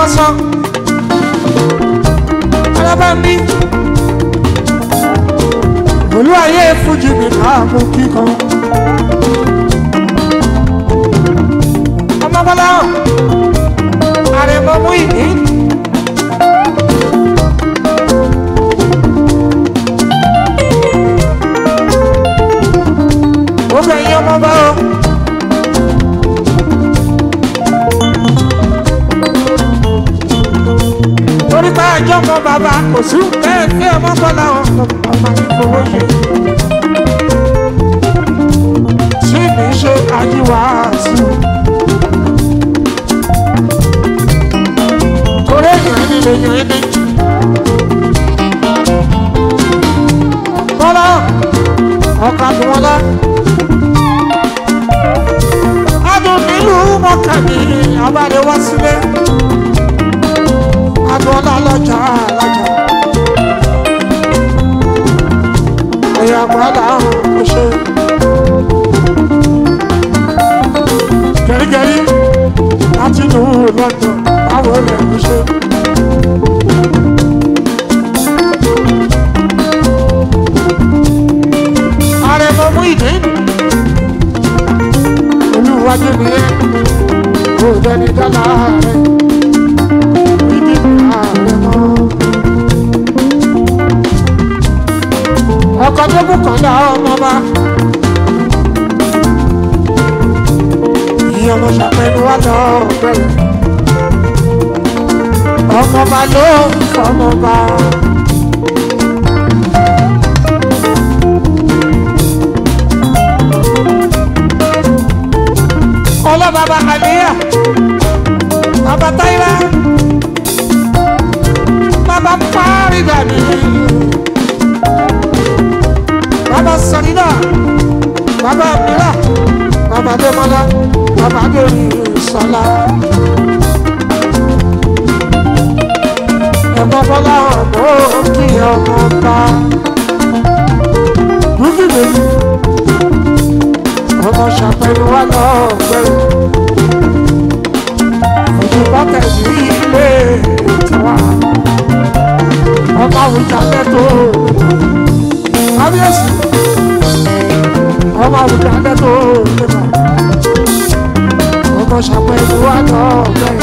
mọ́sọ́ alábàámi olú ayé fújì ní káàmù kíkan ọmọbọlá àrẹ̀mọ́mú ìdí. ìjọba bàbá kò sún kẹ́ẹ̀kẹ́ ọmọ kọ́lá ọmọ ìfowó ṣe. sí ní ṣe àjíwáàsù. torí èèyàn ní lèèyàn ẹni. kọ́lá ọ̀kà tí wọ́n lá. adùn nílùú mọ́kàdí abáde wá sílé ọlá lọ́jà alájà. Ẹ̀yà àpáta ọ̀hún ṣe. Gẹ̀rígẹ̀rí láti nù lọ́jọ́ báwo lè ń ṣe. Àrẹ̀mọ mú ìdí. Olúwa jẹ́ mi yẹn, kò dẹ́ni dá láàá. Mọ́kànlá ọmọba. Ìyá ọmọ ṣàpẹnu wá lọ bẹ̀rẹ̀. Ọmọba ló ń fọmọba. Ọlọ́ba bàbá mi bàbá Táyà, bàbá Fárígà mi. bàbá Adémọ́lá bàbá Adéṣọlá. ẹ̀gbọ́n Bọ́lá ọ̀gbọ́n ó kí ọmọ ọba. Rúbí bèbí ọmọ ṣàpẹ̀lú wa lọ ọ̀gbẹ́rù. Òjò bọ́tẹ̀ sí ilé tiwa. Ọmọ àwùjọ akẹ́tọ̀ kábíyèsí. Ọmọ àwùjọ akẹ́tọ̀ lẹ́bàá ṣàpẹ́ ìwádọ́ ọ̀gbẹ́.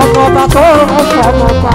ọmọ bàbá ọmọ bàbá.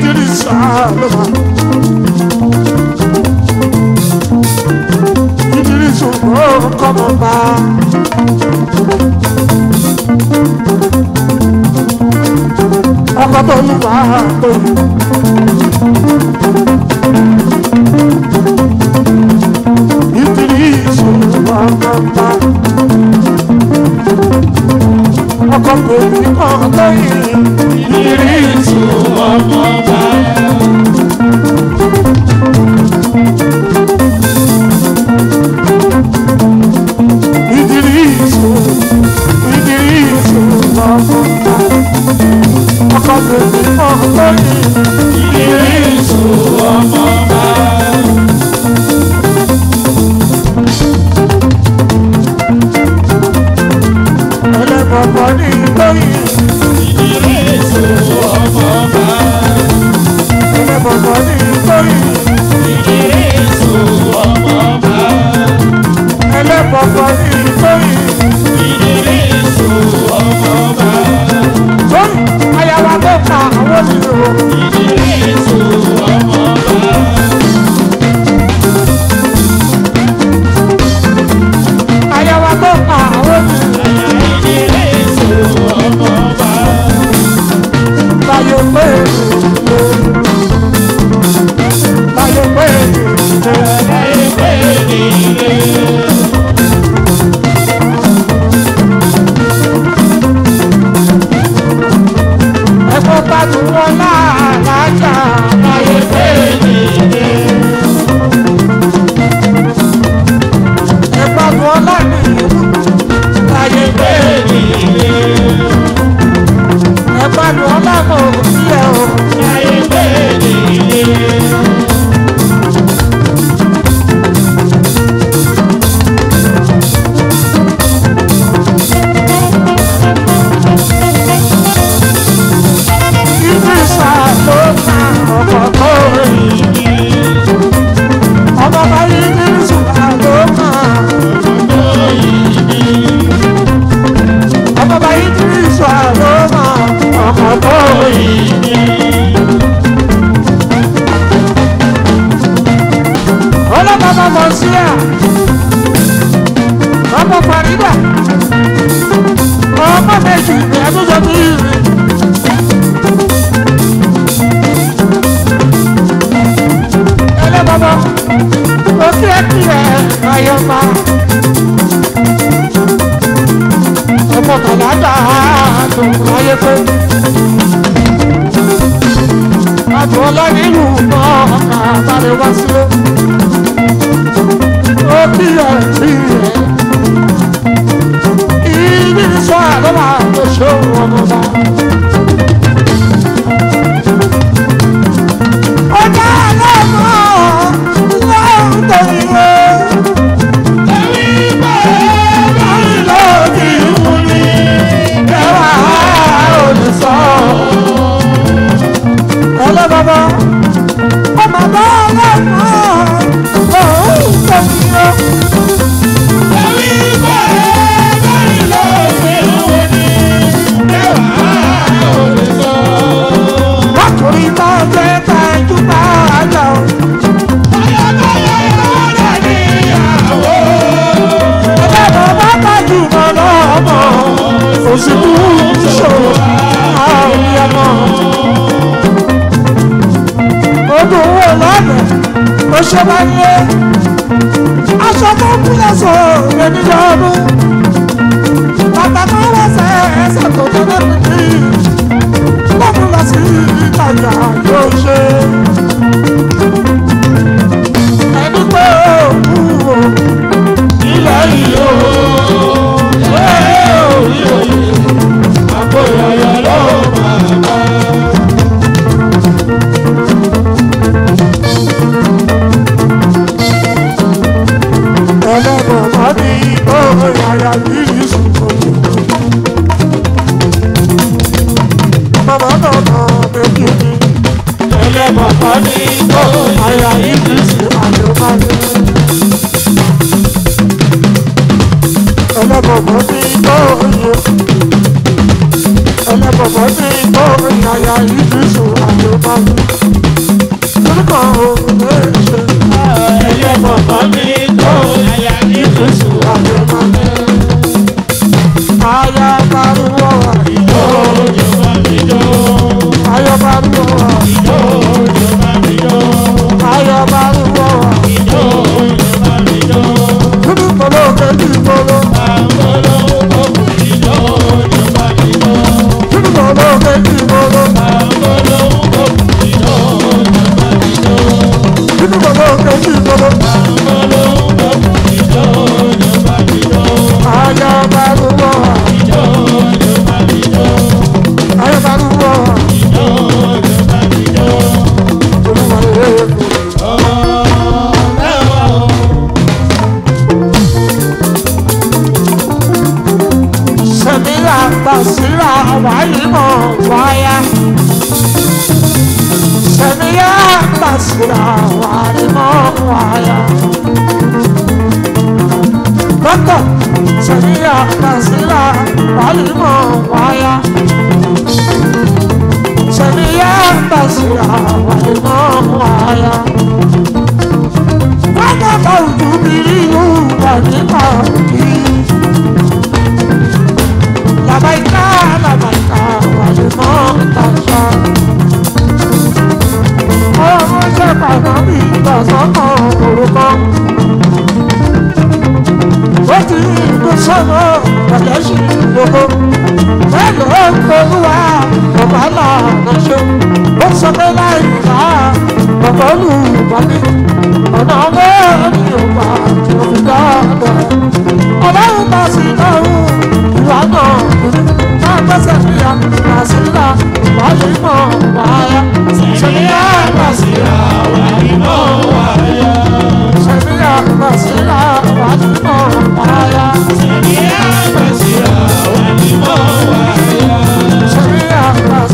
Idrissa ló máa. Idrissa ò kọ́mọ bá. Ọkọ̀ tó ń bá kò ní kọ́ lóyè. ìrírí ìtumọ̀ mọ́. morning. gbà sọ́kàn òrùkọ. ó ti gbé sọ́nà pàtàkì lóko. mélòó olúwa bàbá lànà ṣe ó sọ pé láì bá bàbá olùbọ́lé ọ̀nà ọlọ́run yóò bá òfin dáadáa. ọlọ́run bá sí lọ́rùn ìwà náà. basira basira wajimo waya shemia basira wajimo waya shemia basira wajimo waya shemia basira wajimo waya shemia basira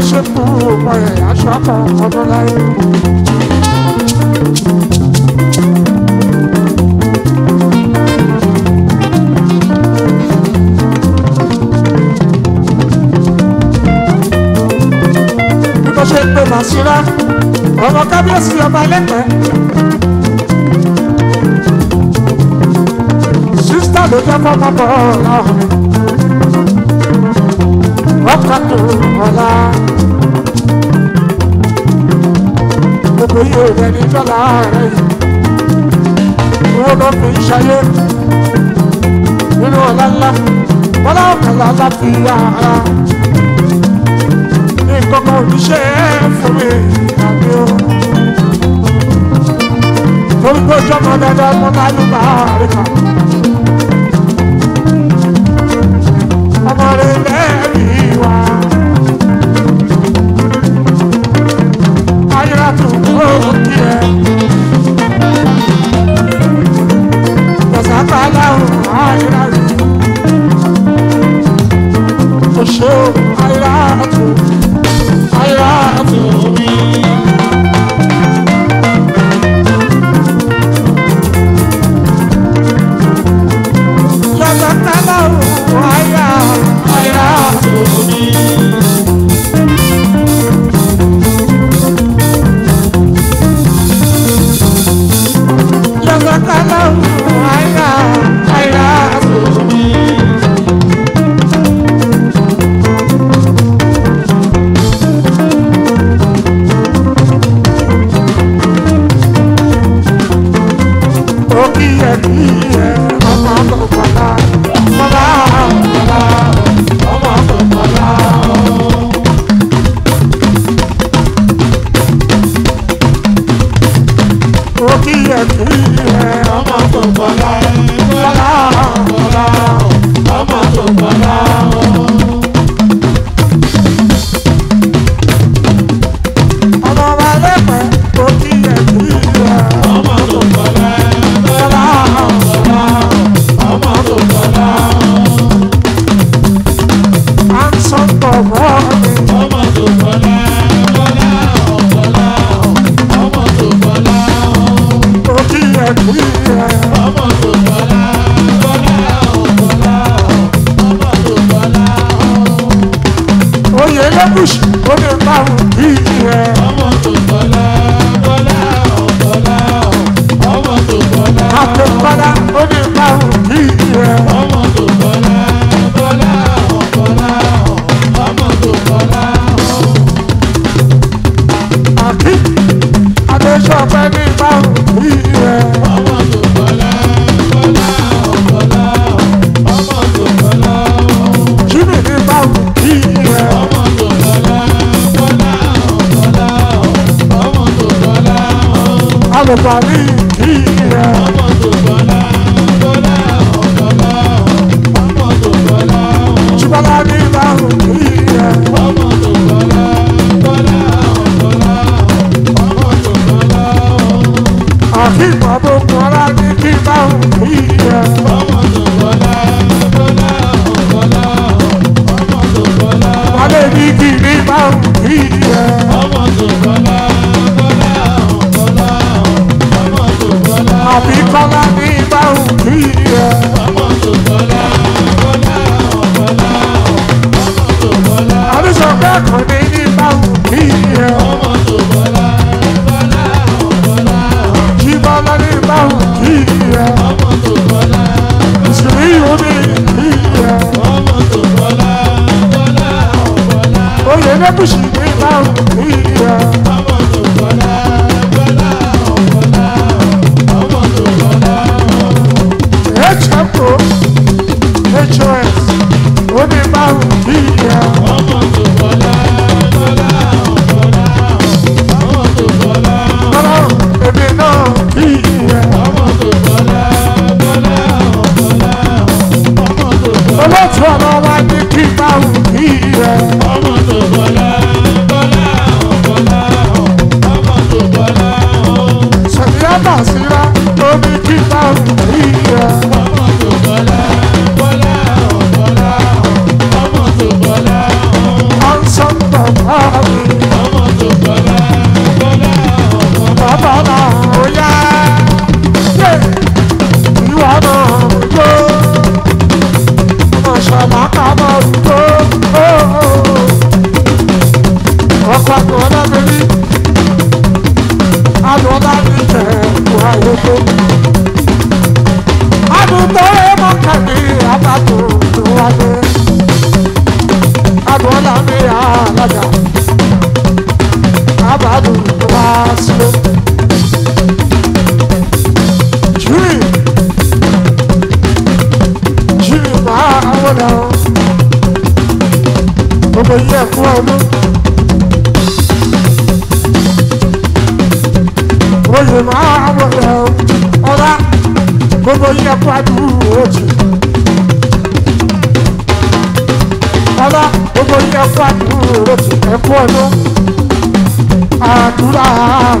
aṣọ́kù ọmọ ẹ̀ aṣọ́kù ọdún láyé. bí mo ṣe pè màsíra ọmọ kábíyèsí ọba lẹ́pẹ́. sísítà ló jẹ́ fọ́nmọ́ bọ́ọ̀lù ọ̀hún mi kọ́tù ọ̀la. Gbogbo yìí ò dẹni tọ́lá rẹ̀ yìí. Owó ló fi ń ṣayé nínú ọ̀la ńlá. Bọ́lá ọ̀kàlà láti yá ara. Ní kọ́kọ́ oníṣẹ́ fún mi àbí o. Torí pé ojú dáadáa mọ́ náà bá rí kan. oh, ọpẹ́ mi. adébùsì ní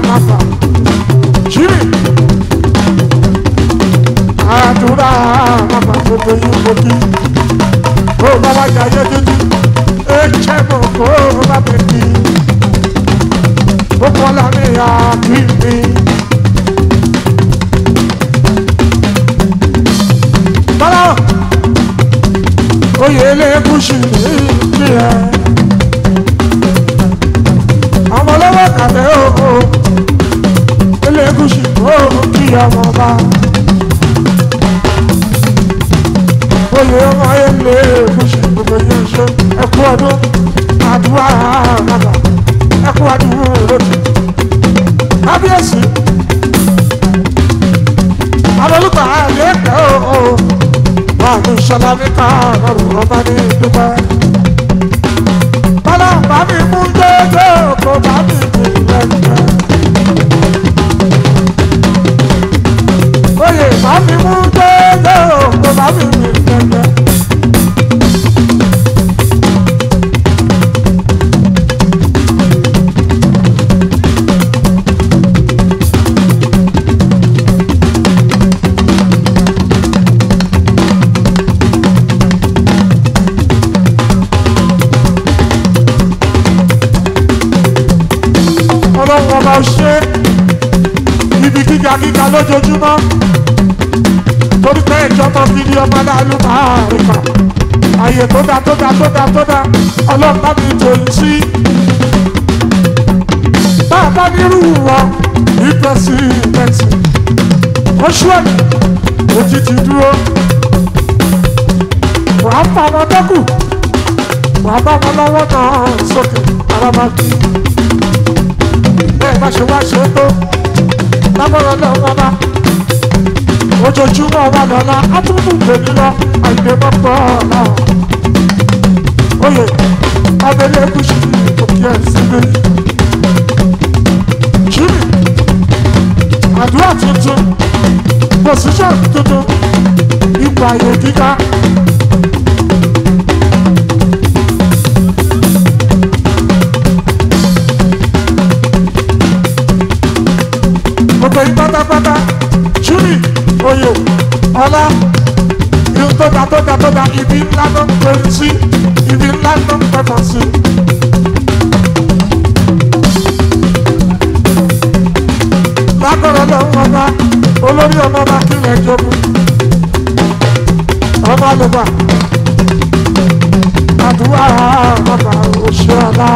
kàfà ṣíbì àdúrà kàfà tó tó yín kojú ó bàbá jayé títí ó jẹ́ mọ̀ kó bá mi kí ó kọ́lá mi àbí mi. Bọ́lá oyè ilé kùsì ní ìpínlẹ̀ àwọn olówó kàfẹ́ òkú. Ẹ̀gúsí kó kí ọmọ bá. Oyè ọmọ yẹn lé Ẹ̀gúsí gbogbo yẹn ṣe ẹkú ọdún àdúrà àmàlà ẹkú àdúrà lòdì. Kábíyèsí Adolúkọ àlékè ooo máa ní Ṣọlábí ká lọ́rùn ọba ní dúpẹ́. Bọ́lá bá mú jẹ́jẹ́ kó bá mi dì bá mi mú jẹ́jẹ́ o kò bá mi mú jẹ́jẹ́. ọlọ́run ọba ṣe ibi gíga gíga lójoojúmọ́ torí pé ìjọba ti di ọba láàlú àríkà àyè tó dá tó dá tó dá tó dá ọlọ́pàá mi tó ń sí. bàbá nírú wọn ìpẹ́sì ìpẹ́sì oṣù ẹ̀mí òjijì dúró wàá fà wọn dẹ́kù wàá bá wọn lọ́wọ́ náà sókè arábàkì bẹ́ẹ̀ bá ṣe wá ṣe tó lábọ́rọ̀ náà bá ojoojúmọ́ wa lọ́la á tún mú ìgbèmí lọ àìgbé mọ́pọ́ ọ̀la. oyè abẹ́lé kùsù òkè ẹ̀sìnlẹ̀. kiri àdúrà tuntun pòsíṣàn tuntun ipò àyè gíga. ọlá irun tó ga tó ga tó ga ibi ńlá ló ń pè sí ibi ńlá ló ń pẹ̀tọ̀ sí. lágbára lọ́wọ́ ọba olórí ọmọ ọba kílẹ̀ jogún ọba lọ́ba àdúrà ọba òṣèlú ọlá.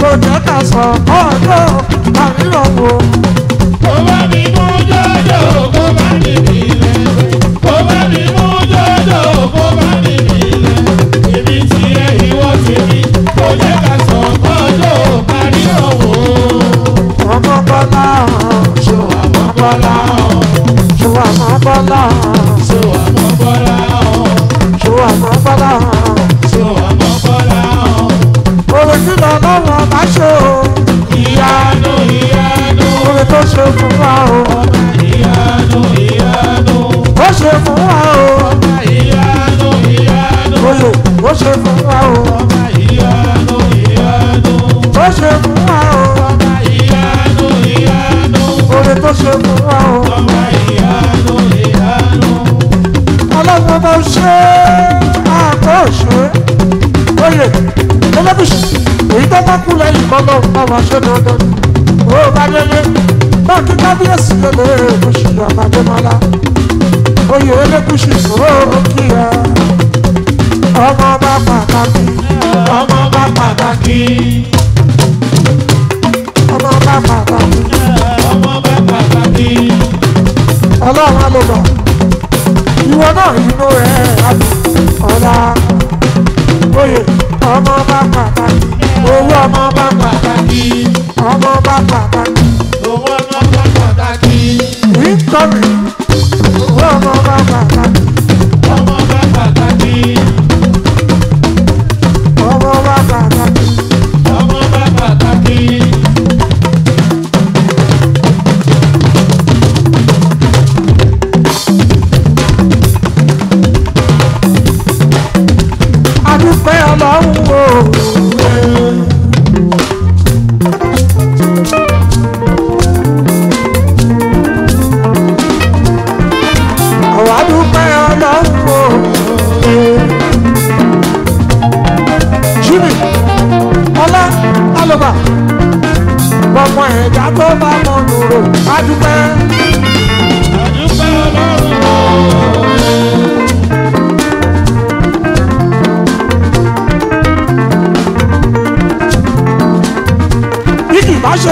kò jẹ́ ká sọ ọ̀dọ́ àrílọ́wọ́. kò bá mi mú jọjọ kó bá mi bí. kan ṣòdodo ó bá délé náà ní kábíyèsí lélẹ̀ èkúṣù àbájọmọlá oyè elékúṣù sòrò kí ẹ ọmọ bá pàtàkì ọmọ bá pàtàkì ọmọ bá pàtàkì ọmọ bá pàtàkì ọlọ́run àlùbọ̀ ìwọ náà inú rẹ̀ ọ̀la oyè ọmọ bá pàtàkì owó ọmọ bá pàtàkì. ọmọ bàbá pàtàkì. owó ọmọ bàbá pàtàkì. Victory owó ọmọ bàbá pàtàkì.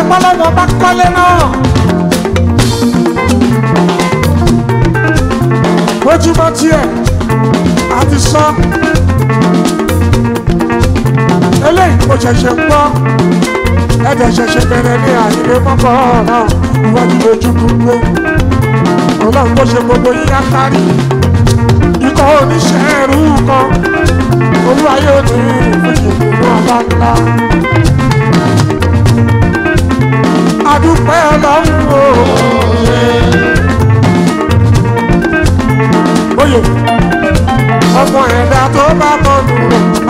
ṣe pọ́lọ́wọ́ bá kọ́lé náà. ojúmọ́ tiẹ̀ àti sọ eléyìí kò ṣẹ̀ṣẹ̀ gbọ́ ẹ̀jẹ̀ ṣẹ̀ṣẹ̀ bẹ̀rẹ̀ ní àyíké mọ́kọ́ ọ̀rọ̀ iwájú ojú gbogbo ọlọ́run kò ṣe gbogbo yíyá kárí ikọ̀ oníṣẹ́ ẹ̀rú kan olúwa yóò ní ìfẹsẹ̀gbẹ̀rún ọba ńlá adúpẹ́ ọlọ́run o. oyè ọmọ ẹ̀dá tó bá kọlu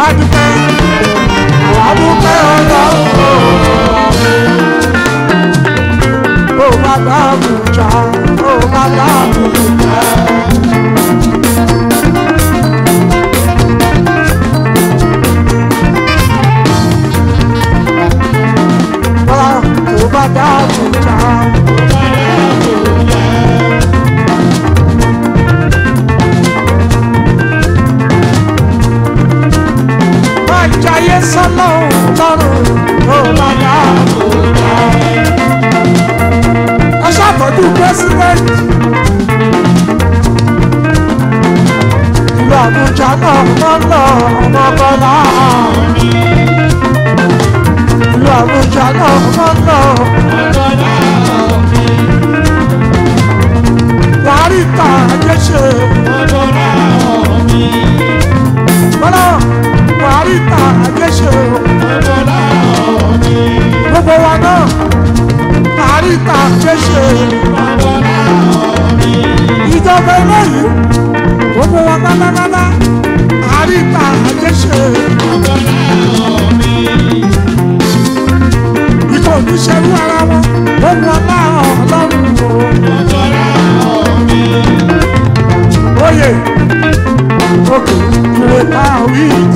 adúpẹ́ adúpẹ́ ọlọ́run oh, ó má oh, àbújá ó oh, bá àbújá. father will now. We.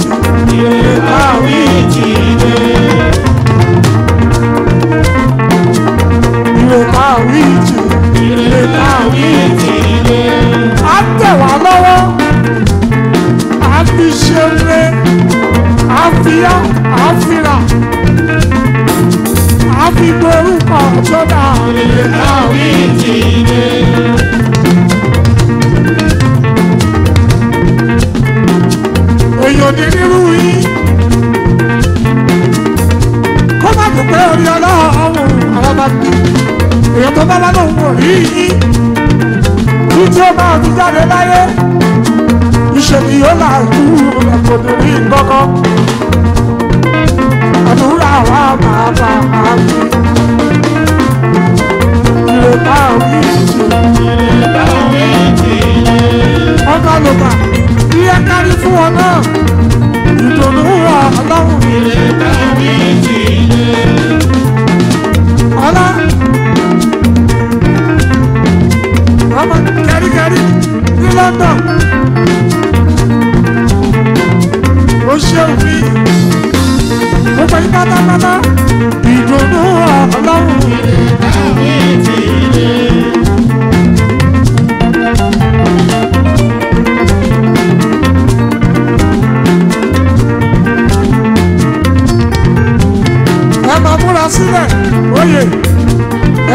wọn náà ìdùnnú wà ọlọ́run. ilé tábí ti lé. ọlá ọmọ kẹríkẹrí ní London ó ṣeun ní gbogbo yín pátápátá ìdùnnú wà ọlọ́run. ilé tábí ti múra sílẹ̀ oyè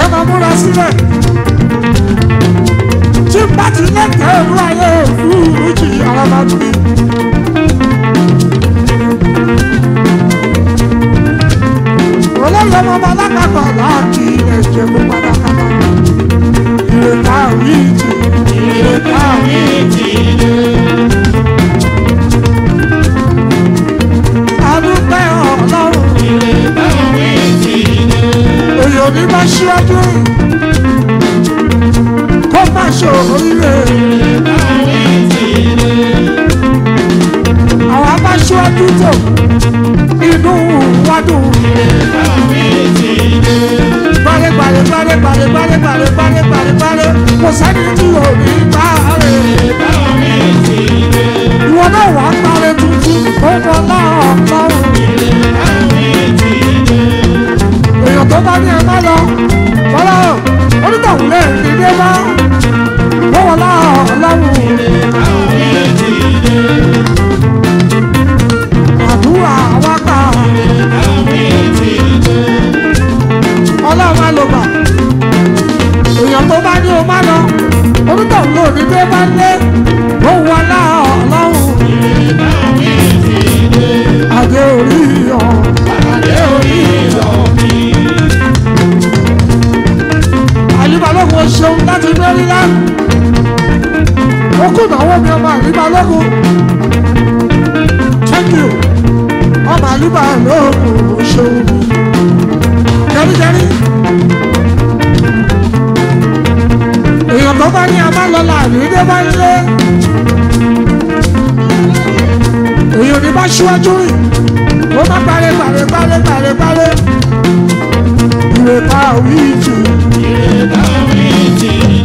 ẹ máa múra sílẹ̀ tí bá ti lẹ́tẹ̀ẹ́ ìlú ayé òfurufú jì ara máa tún mi. olóyè ọmọ ọba alákàtọ̀ láàkì ilẹ̀ ìjẹ̀bú pátákátá ìrètà òyìn ti ìrètà òyìn ti ilé. òní máa ṣíwájú kó má ṣòro ire. àwa máa ṣíwájú tó inú wa dùn. Gbàlẹ́ gbàlẹ́ gbàlẹ́ gbàlẹ́ gbàlẹ́ gbàlẹ́ gbàlẹ́ gbàlẹ́ gbàlẹ́ kò sẹ́ni tí ò ní bá rẹ̀. Ìwọ náà wàá parẹ́ tuntun ó wọ náà. ó bá ní ẹ má lọ bọ́lá onítọ̀hún lè ní dé bá. láti gbérí lá ó kùnà owó mi ọmọ àlùbá lógun thank you ọmọ àlùbá lógun ṣòwò jẹrìjẹrì èèyàn tó bá ní amálọ́lá àlùdé bá ń lé èèyàn ní bá ṣíwájú rìn ó má parẹ́ parẹ́ parẹ́ parẹ́ parẹ́ ìrèpá òwì jù. ìrèpá òwì jù.